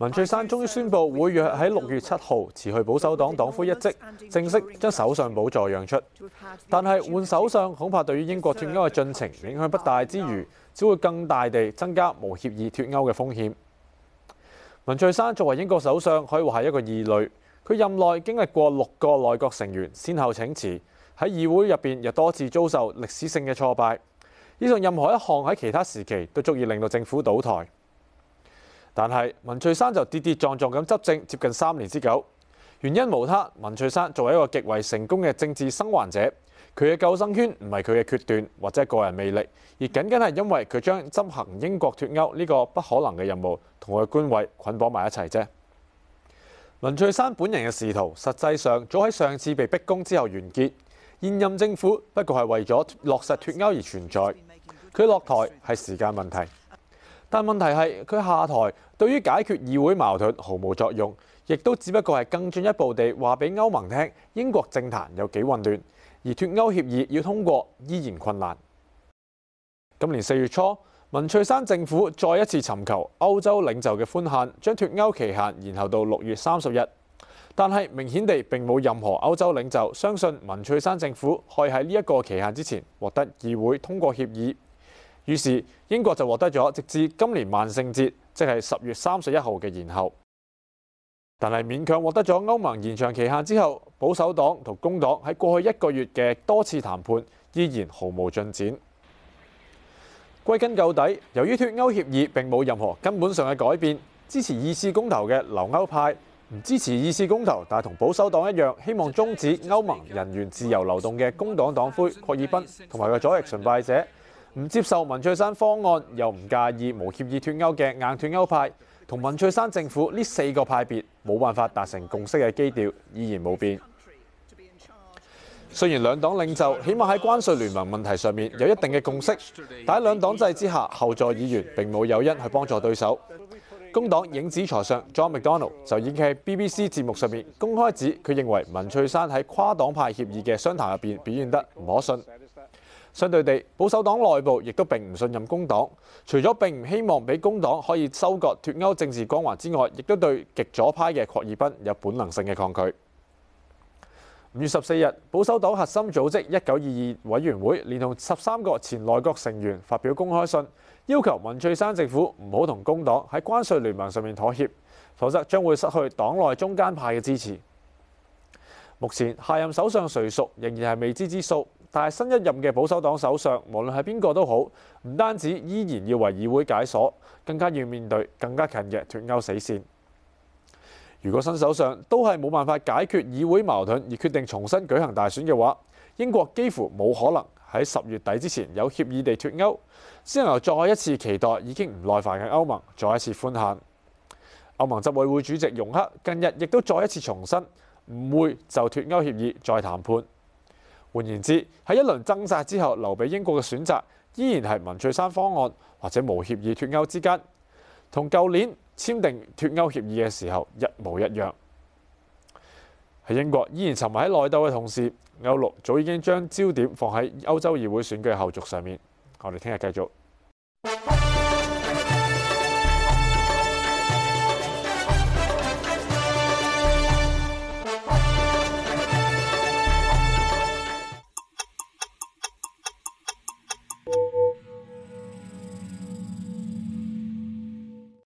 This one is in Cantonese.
文翠珊終於宣布會約喺六月七號辭去保守黨黨魁一職，正式將首相寶座讓出。但係換首相恐怕對於英國脱歐嘅進程影響不大之餘，只會更大地增加無協議脱歐嘅風險。文翠珊作為英國首相可以話係一個異類，佢任內經歷過六個內閣成員先後請辭，喺議會入邊又多次遭受歷史性嘅挫敗，以上任何一項喺其他時期都足以令到政府倒台。但係文翠珊就跌跌撞撞咁執政接近三年之久，原因無他，文翠珊作為一個極為成功嘅政治生還者，佢嘅救生圈唔係佢嘅決斷或者個人魅力，而僅僅係因為佢將執行英國脱歐呢個不可能嘅任務同佢嘅官位捆綁埋一齊啫。文翠珊本人嘅仕途實際上早喺上次被逼宮之後完結，現任政府不過係為咗落實脱歐而存在，佢落台係時間問題。但問題係佢下台對於解決議會矛盾毫無作用，亦都只不過係更進一步地話俾歐盟聽英國政壇有幾混亂，而脱歐協議要通過依然困難。今年四月初，文翠珊政府再一次尋求歐洲領袖嘅寬限，將脱歐期限延後到六月三十日，但係明顯地並冇任何歐洲領袖相信文翠珊政府可以喺呢一個期限之前獲得議會通過協議。於是英國就獲得咗直至今年萬聖節，即係十月三十一號嘅延後，但係勉強獲得咗歐盟延長期限之後，保守黨同工黨喺過去一個月嘅多次談判依然毫無進展。歸根究底，由於脱歐協議並冇任何根本上嘅改變，支持二次公投嘅留歐派唔支持二次公投，但係同保守黨一樣，希望終止歐盟人員自由流動嘅工黨黨魁霍爾賓同埋個左翼崇拜者。唔接受文翠珊方案，又唔介意無協議脫歐嘅硬脫歐派同文翠珊政府，呢四個派別冇辦法達成共識嘅基調依然冇變。雖然兩黨領袖起碼喺關稅聯盟問題上面有一定嘅共識，但喺兩黨制之下，後座議員並冇誘因去幫助對手。工黨影子財相 John McDonnell 就已經喺 BBC 節目上面公開指佢認為文翠珊喺跨黨派協議嘅商談入邊表現得唔可信。相對地，保守黨內部亦都並唔信任工黨，除咗並唔希望俾工黨可以收割脱歐政治光環之外，亦都對極左派嘅霍爾賓有本能性嘅抗拒。五月十四日，保守黨核心組織一九二二委員會連同十三個前內閣成員發表公開信，要求文翠珊政府唔好同工黨喺關稅聯盟上面妥協，否則將會失去黨內中間派嘅支持。目前下任首相誰屬仍然係未知之數。但係新一任嘅保守黨首相，無論係邊個都好，唔單止依然要為議會解鎖，更加要面對更加近嘅脱歐死線。如果新首相都係冇辦法解決議會矛盾而決定重新舉行大選嘅話，英國幾乎冇可能喺十月底之前有協議地脱歐，只能由再一次期待已經唔耐煩嘅歐盟再一次寬限。歐盟執委會主席容克近日亦都再一次重申，唔會就脱歐協議再談判。換言之，喺一輪掙扎之後，留俾英國嘅選擇依然係文翠珊方案或者無協議脱歐之間，同舊年簽訂脱歐協議嘅時候一模一樣。喺英國依然沉迷喺內鬥嘅同時，歐陸早已經將焦點放喺歐洲議會選舉的後續上面。我哋聽日繼續。